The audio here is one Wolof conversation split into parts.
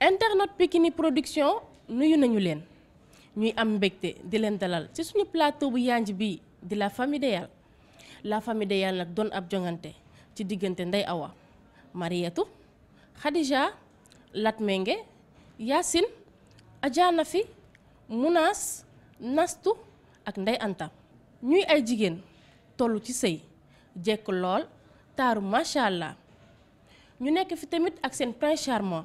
internet Pikini production nuyu nañu leen ñuy am mbégte di leen dalal ci suñu plateau bu yanj bi di la famille Deyal la famille Deyal nag doon ab jongante ci diggante ndey Awa Mariétou Khadija Latmengue Yacine Adja fi Mounas Nastu ak ndey Anta ñuy ay jigéen tollu ci sëy jekk lool taaru macha allah ñu nekk fi tamit ak seen prince charmant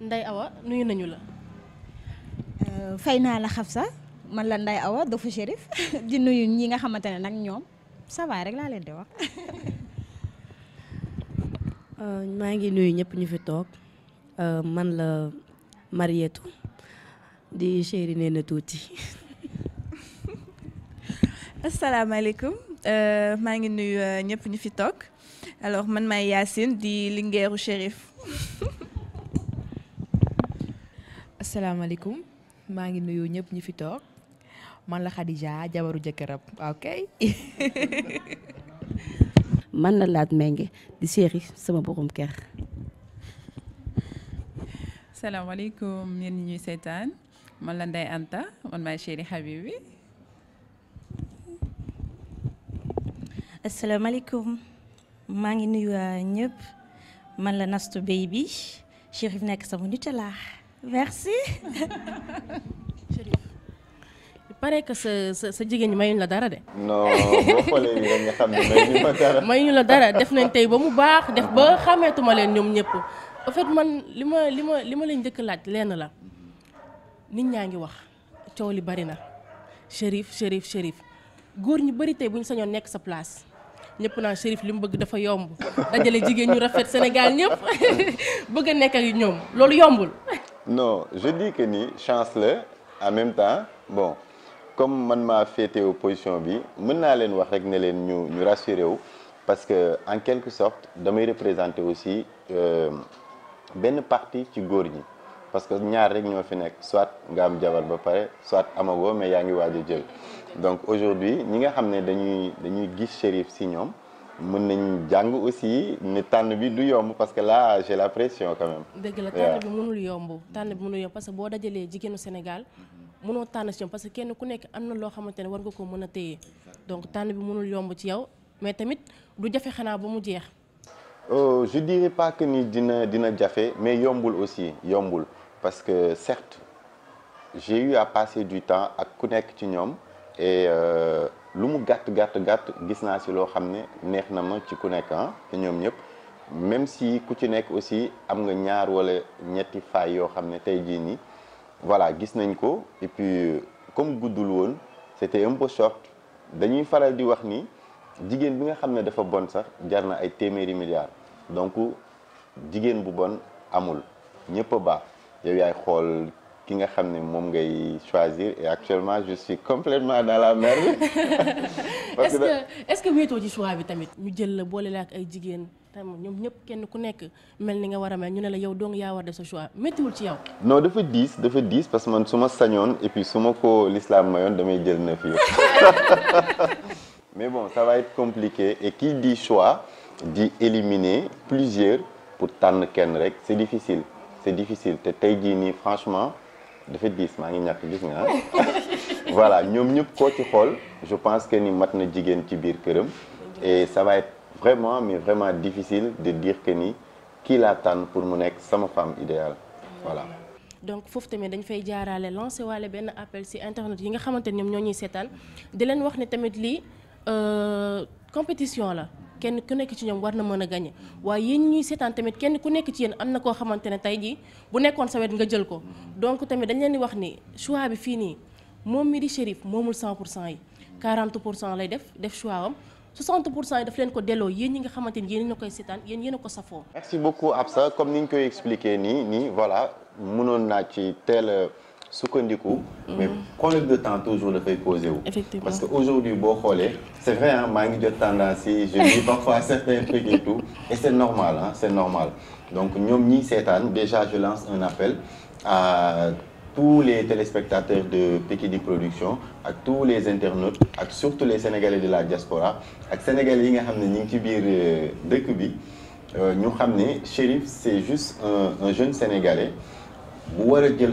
Ndeye Awa nuyu nañu la. Euh, fay naa la sax man la nday Awa dofu Chérif di nuyu ñi nga xamante ne nag ñoom ça rek laa leen di wax. Euh, maa ngi nuyu ñëpp ñu fi toog euh, man la Marietou di chéri na tuuti. asalaamaaleykum maa ngi nuyu ñëpp ñu fi toog alors man maay Yacine di lingeeru Chérif. Assalamualaikum, maa ngi nuyu ñëpp ñi fi toog man la Khadija jabaru jëkkëram ok. man la laat mengi di séeri sama borom kër. salaamaaleykum yéen ñi ñuy seetaan man la nday Anta man maay Chéri Habibi. asalaamaaleykum maa ngi nuyu euh, ñëpp man la Nastu Baby Chérif nekk sama nutella merci. il paraît que sa sa sa jigéen ñi mayuñu la dara de. non boo la dara. def nañ tey ba mu baax def ba xàmmeetuma leen ñoom ñëpp en fait man li ma li ma li ma leen njëkk laaj lenn la nit ñaa ngi wax coow li bari na Chérif Chérif Chérif góor ñi bari tey bu ñu sañoon nekk sa place. ñëpp naa Chérif li mu bëgg dafa yomb dajale jigéen ñu rafet Sénégal ñëpp bëgg a nekk ñoom loolu yombul. non je dis que ni chance en même temps bon comme man m'a féete opposition bi mën naa leen wax rek ne parce que en quelque sorte damay représenter aussi euh, benn parti ci góor parce que ñaar rek ñoo fi soit nga am jabar ba soit amago mais yaa ngi waaj a jël donc aujourd'hui ñi nga xam dañuy dañuy gis si mën nañ jàng aussi ne tànn bi du yomb parce que là j'ai la pression quand même. deug la tan bi mënul yomb tan bi mënul yomb parce que bo dajalé jigéenu Sénégal mënoo tan si parce que kenn ku nek amna lo loo war nga ko mëna téyé donc tan bi mënul yomb ci yow mais tamit du jafé xana ba mu jeex. Euh, je dirais pas que ni dina dina jafé mais yombul aussi yombul parce que certes j'ai eu à passer du temps ak ku nekk ci ñom et. Euh, lu mu gàtt gàtt gàtt gis naa si loo xam ne neex na ma ci ku nekk ah te ñoom ñëpp même si ku ci nekk aussi am nga ñaar wala ñetti faay yoo xam ne tey jii nii voilà gis nañ ko et puis comme guddul woon c'était un peu short dañuy faral di wax ni jigéen bi nga xam ne dafa bon sax jar na ay téeméeri milliards donc jigéen bu bon amul ñëpp a baax yow yaay xool ki nga ne ngay choisir et actuellement je suis complètement dans la merde. Est-ce que est-ce que wéetoo ci choix tamit. ñu jël la bolé la ak ay jigen tam ñom ñep kenn ku nekk melni nga wara a mel ñu ne la yow dong ya war def sa choix méttiwul ci yow. non dafa 10 dafa 10 parce que man suma ma et puis suma ko l'islam mayoon damay jël neuf yëpp mais bon ça va être compliqué et qui dit choix dit éliminer plusieurs pour tànn kenn rek c'est difficile c'est difficile te tay franchement dafa diis maa mangi ñak gis nga ah. voilà ñom ñep ko ci xol je pense que ni mat na jigéen ci biir kërëm et ça va être vraiment mais vraiment difficile de dire que ni qui laa pour mu ex, sama femme idéale voilà donc foofu tamit dañ fay jaaraale lancer waale benn appel ci internet yi nga xamante ñoom ñoo ñuy seetaan di leen wax ne tamit lii euh, compétition la kenn ku nekk ci ñoom war na mën a gagné waaye yéen ñuy seetaan tamit kenn ku nekk ci yéen am na koo xamante ne tey jii bu nekkoon sa wet nga jël ko donc tamit dañ leen di wax ni choix bi fii nii moom mi di Chérif moomul 100 pour cent yi 40 pour cent lay def def choix am 60 pour cent yi daf leen ko delloo yéen ñi nga xamante ni yéen a koy seetaan yéen yéen a ko safoo. merci beaucoup Absa comme ni ñu koy expliqué nii nii voilà mënoon naa ci teel coup, mhm. mais problème de temps toujours le fait poser parce qu'aujourd'hui c'est vrai hein manque de tendance je dis parfois certains trucs et tout et c'est normal hein, c'est normal donc ñoom cette année déjà je lance un appel à tous les téléspectateurs de Pikini Production à tous les internautes à surtout les sénégalais de la diaspora ak sénégalais qui nga xam ne nous ci biir euh, dëkk bi euh, ñu juste un jeune sénégalais bu jël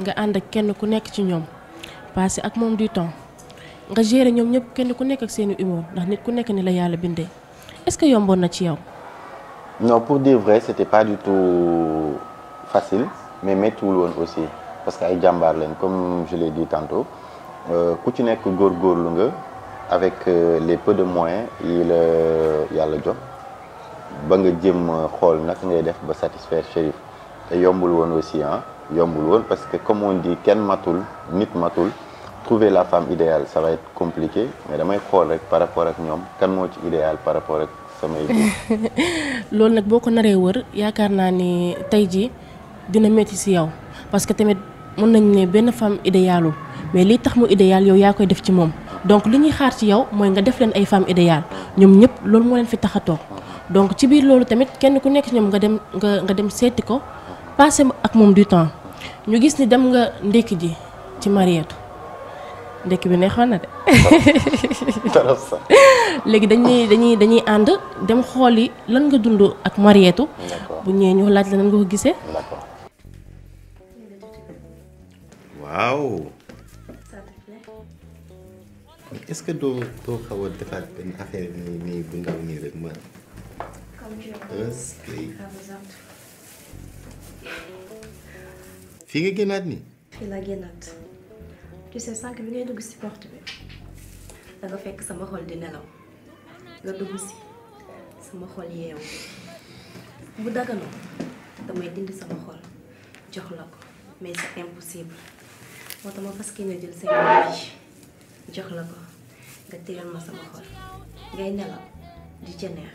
nga and ak kenn ku nekk ci ñoom passé ak moom du temps nga gérer ñoom ñëpp kenn ku nekk ak seeni humour ndax nit ku nekk ni la yàlla bindee est-ce que yomboon na ci yow. non pour dire vrai c'était pas du tout facile mais méttiwul woon aussi parce que ay jàmbaar lañ comme je l'ai dit tantôt euh, ku ci nekk góorgóorlu nga avec euh, les peu de moyens yi la yàlla jox ba nga jëm xool naka ngay def ba satisfaire Chérif te yombul won aussi hein, yombul won parce que comme on dit Ken matul nit matul trouver la femme idéale ça va être compliqué mais damay xol rek par rapport ak ñom kan mo ci idéal par rapport ak sama loolu lool nak boko naré wër yaakaar naa ni tay ji dina métti ci yow parce que tamit mën nañ né benn femme idéale, mais li tax mu idéal yow yaa koy def ci mom donc li ñuy xaar ci yow moy nga def leen ay femme idéales ñom ñep lool mo leen fi taxato donc ci biir loolu tamit kenn ku nekk ñom nga dem nga nga dem seeti ko passé ak moom du temps ñu gis ni dem nga ndekki ji ci marietu ndekki bi neexoon na de. trop sax. léegi dañuy dañuy dañuy ànd dem xooli lan nga dund ak Wow. bu ñëwee ñu laaj la nan nga ko gisee. waaw. est-ce que affaire bu ndaw rek ma. comme je Fiege genat ni? Fila genat. Tu sais sànq bi ngay dugg di nelaw nga dugg si sama xol yeewu bu daganoo damay dindi sama xol jox mais c'est impossible moo tax ma fas kii nga jox la ko nga ma sama ngay nelaw di ca neex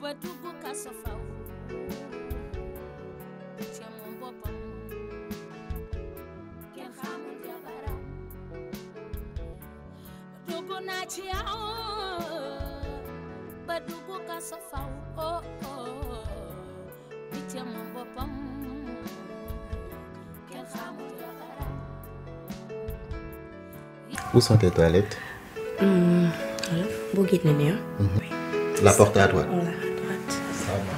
Bwe tu go kasa fa ou Tia mon bo pa ou Kien kha moun dia na chi a kasa fa Oh oh oh Tia mon bo pa Où sont tes toilettes? Mmh, voilà, vous guidez mhm. La porte à droite.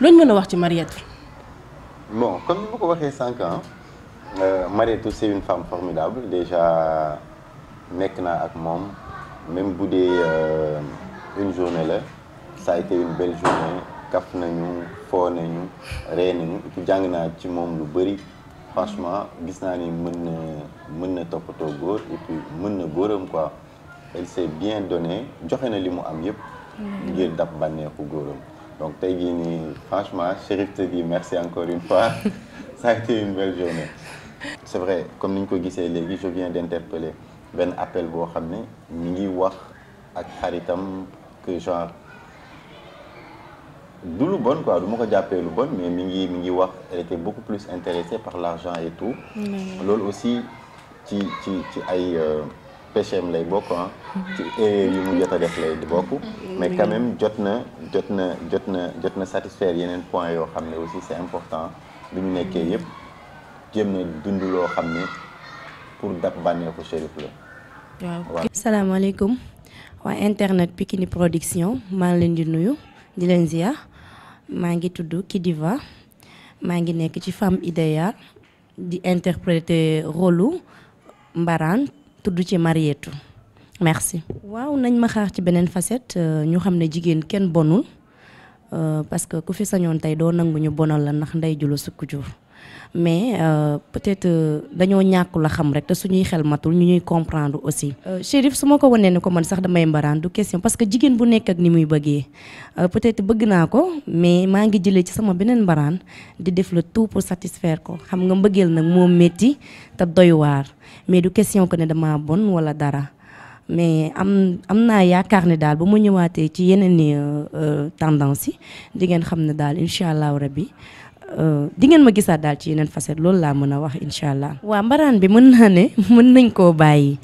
looñu mën a wax ci Mariette bon comme ni ma ko waxee ans, ah euh, Mariette c'est une femme formidable déjà nekk naa ak moom même bu dee euh, une journée là, ça a été une belle journée kaf nañu foo nañu ree nañu ci jàng naa ci moom lu bëri franchement gis naa ni mën na mën na toppatoo góor et puis mën na góoram quoi elle s'est bien donnée joxe na li mu am yëpp ngir dab bànneexu góoram donc, franchement, Chérif te dit merci encore une fois. Ça a été une belle journée. C'est vrai, comme nous l'avons je viens d'interpeller Ben appel pour Khamne, Mingi Wach et Haritam, que genre. D'où le bon, quoi. Je ne appelé le bon, mais Mingi, Mingi Wach, elle était beaucoup plus intéressée par l'argent et tout. L'autre aussi, tu qui, qui aille péchéem lay bokk ah ci erreur yu mu jot a def lay bokk mais quand même jot na jot na jot na jot na satisfaire yeneen point yo xamné aussi c'est important bi ñu nekkee yëpp jéem na dund loo xam pour dab bànneexu Chérif la waaw salaamaaleykum waa internet Pikini Production ma ngi leen di nuyu di leen ziar ma ngi tudd Kidiva ma ngi nekk ci femme idéale di interpréter rôle lu tuddu ci Marietou merci. waaw nañ ma xaar ci beneen facette euh, ñu xam ne jigéen kenn bonul euh, parce que ku fi sañoon tey doo nangu ñu bonal la ndax ndey ju la sukk jur mais euh, peut-être euh, dañoo ñàkkul a xam rek te suñuy xel matul ñu ñuy comprendre aussi. Euh, Chérif su ma ko wanee ne ko man sax damay mbaraan du question parce que jigéen bu nekk ak ni muy bëggee peut-être bëgg naa ko mais maa ngi jëlee ci sama beneen mbaraan di def le tout pour satisfaire ko xam nga mbëggeel nag moo métti te doy waar mais du question que ne dama bon wala dara. mais am am naa yaakaar ne daal ba mu ñëwaatee ci yeneen ni tendance yi di ngeen xam ne daal incha allahu rabbi Euh, di ngeen ma gisaat daal ci yeneen facette loolu laa mën a wax incha allah. waa mbaraan bi mën naa ne mën nañ koo bàyyi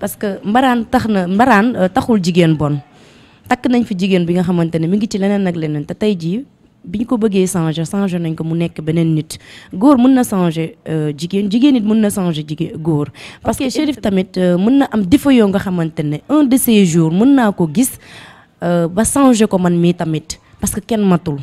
parce que mbaraan tax na mbaraan euh, taxul jigéen bon takk nañ fi jigéen bi nga xamante ne mi ngi ci leneen ak leneen te tey jii bi ko bëggee changer changer nañ ko mu nekk beneen nit góor mën na changer euh, jigéen jigéen it mun na changer jigéen góor. parce que tamit mën na am défaut nga xamante ne un de ces jours mën naa ko gis ba changer ko man mii tamit parce que kenn matul.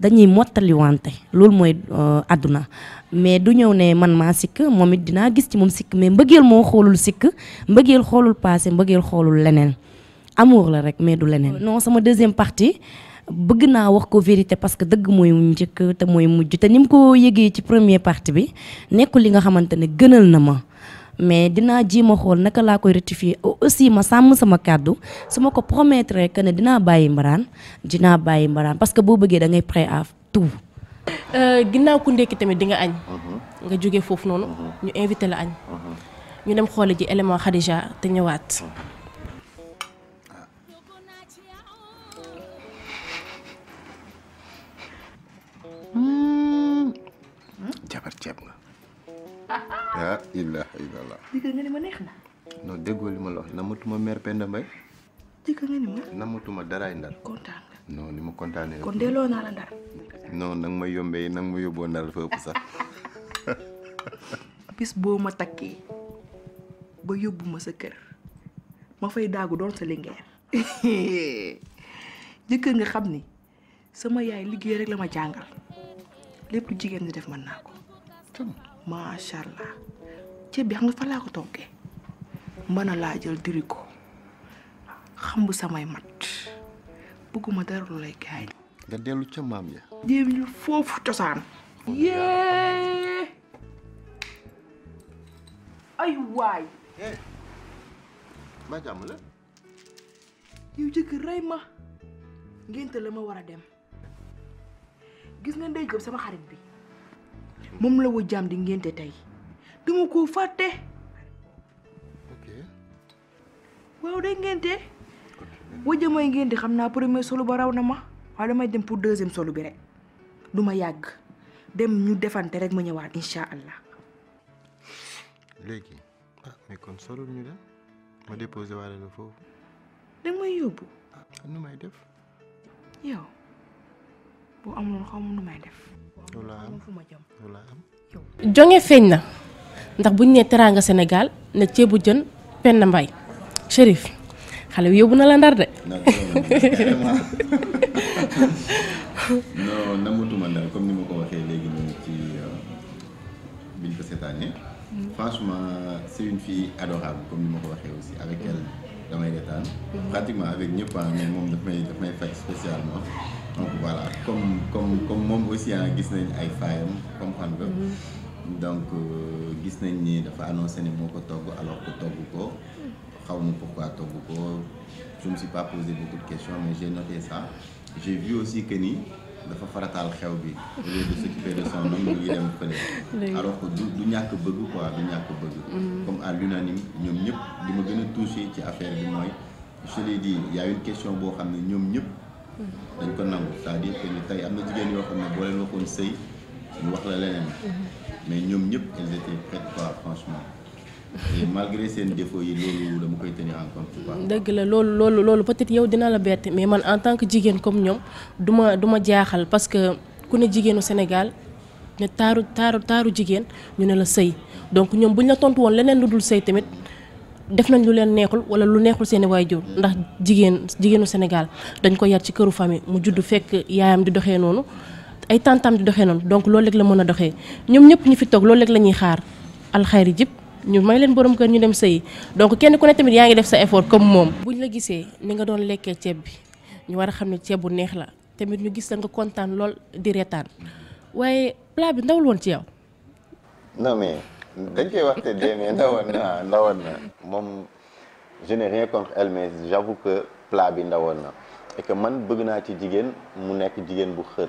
dañuy mottaliwante loolu mooy euh, àdduna mais du ñëw ne man maa sikk moom it dinaa gis ci moom sikk mais mbëggeel moo xoolul sikk mbëggeel xoolul passé mbëggeel xoolul leneen amour la rek mais du leneen. non sama deuxième parti bëgg naa wax ko vérité parce que dëgg mooy njëkk te mooy mujj te ni mu ko yëgee ci premier parti bi nekkul li nga xamante ne gënal na ma. mais dinaa ji ma xool naka laa koy rectifier aussi ma sàmm sama kàddu su ma ko promettre que ne dinaa bàyyi mbaraan dinaa bàyyi mbaraan parce que boo bëggee da ngay prêt à tout. Euh, ginnaaw ku ndekki tamit di nga añ. Mhm. nga jógee foofu noonu. Mhm. ñu invité la añ. Mhm. ñu dem xooli ji élément Khadija te ñëwaat. la ilaha illallah digal nga ni ma neex na non déggoo li ma la wax namatuma mère penda mbay digal nga ni ma namatuma daraay ndar kontaan nga non ni ma kontaanee kon delloo naa la ndar non nag ma yombee nag ma yóbboo ndar fa ëpp sax bis boo ma takkee ba yóbbu ma sa kër ma fay daagu doon sa lingeer jëkkër nga xam sama yaay liggéey rek la ma jàngal lépp lu jigéen def mën naa ko macha allah ceeb bi xam nga fa laa ko toggee mën a laa jël diri ko xambu samay mat bëgguma dara lu lay gaañ nga dellu ca maam ya jéem ñu foofu cosaan oh, yée ay waay ba rey ma ngénte la ma war a dem gis nga ndey jóob sama xarit bi moom la wu jaam di ngénte tey dama ko fàtte. ok. waaw day ngénte. wajja may ngénte xam naa premier solo ba raw na ma waaye damay dem pour deuxième solo bi rek du yàgg dem ñu defante rek ma ñëwaat incha allah. léegi ah mais kon solul ñu dem may yóbbu. Ah, nu may def. xaw ma nu may def. jonge feeñ na. ndax buñ né teranga Sénégal ne ceebu jeun pen mbay Chérif xalé bi yóbbu na la ndar dé non nangatuma ndar comme nima ko waxé légui ni ci euh, biñ ko sétané mm. franchement c'est une fille adorable comme nima ko waxé aussi avec mm. elle damay retaan. Mm. pratiquement avec ñepp ah mais mom daf may daf may fax spécialement. donc voilà comme comme comme mom aussi hein ah, gis nañ ay fayam comprendre donc euh, gis nañ ni dafa annoncé ni moko togg alors ko togg ko xaw pourquoi togg ko je me suis pas posé beaucoup de questions mais j'ai noté ça j'ai vu aussi que ni dafa faratal xew bi au lieu de s'occuper de son nom ñu ngi dem fële alors que du du ñàkk bëgg quoi du ñak bëgg mm-hmm. comme à l'unanime ñom ñep li ma gën touché ci affaire bi moy je l'ai dit y a une question bo xam ñom ñep mm-hmm. dañ ko nangu c'est-à-dire que ni tay am na jigéen yoo xam ne boo leen waxoon sëy ñu wax la leneen mm-hmm. mais ñoom ñëpp dëgg la loolu loolu loolu peut-être yow dina la bett mais man en tant que jigéen comme ñoom du ma du ma jaaxal parce que ku ne jigéenu senegal ne taaru taaru taaru jigéen ñu ne la sëy donc ñoom buñ la tontu woon leneen lu dul sëy tamit. def nañ lu leen neexul wala lu neexul seeni waajur ndax jigéen jigéenu Sénégal dañ ko yar ci këru famille mu judd fekk yaayam di doxee noonu ay tantam di doxee noonu donc loolu rek la mën a doxee ñoom ñëpp ñu fi toog loolu rek la ñuy xaar alxayri jib ñu may leen borom kër ñu dem sëyi donc kenn ku ne tamit yaa ngi def sa effort comme moom. ñu la gisee ni nga doon lekkee ceeb bi ñu war a xam ne ceeb bu neex la tamit ñu gis la nga kontaan lool di reetaan waaye plat bi ndawul woon ci yow. non mais dañ koy wax te dee mais ndawoon na ndawoon na moom je n'ai que plat bi ndawoon na et que man bëgg naa ci jigéen mu nekk jigéen bu xër.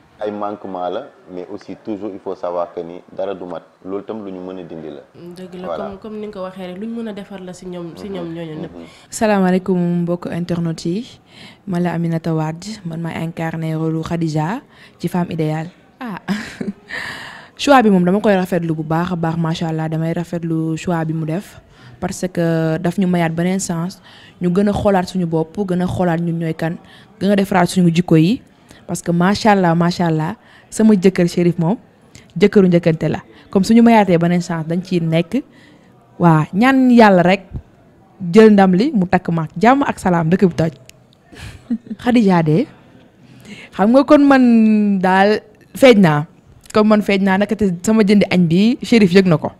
ay manquement la mais aussi toujours il faut savoir que ni dara du mat loolu tam luñu mëna dindi la. deug la comme comme ni nga ko waxee rek lu ñu mën a ci ñom si ñoom si ñoom mhm. ñooñu ñëpp. Mhm. mbokk internet yi mala la Aminata Wade man may incarner rôle Khadija ci femme idéale ah. choix bi mom dama koy rafetlu bu baax a baax macha allah damay rafetlu choix bi mu def parce que daf ñu mayat benen sens ñu gëna xolaat suñu bop gëna xolaat ñun ñoy kan nga def defaraat suñu jikko yi. parce que macha allah macha allah sama jëkkër Chérif moom jëkkëru njëkkante la comme suñu ma mayaatee beneen chance dañ ciy nekk waa ñaan yàlla rek jël ndam li mu takk ma jàmm ak salaam dëkk bu toj Khadija de xam nga kon man daal feeñ naa comme man feej naa naka te sama jëndi añ bi Chérif yëg na ko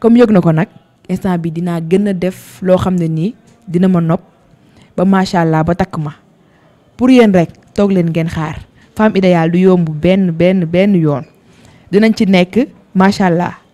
comme yëg na ko nag instant bi dinaa gën a def loo xam ne nii dina ma nopp ba macha allah ba takk ma pour yéen rek toog leen ngeen xaar femme idéale du yomb benn benn benn yoon dinañ ci nekk macha allah.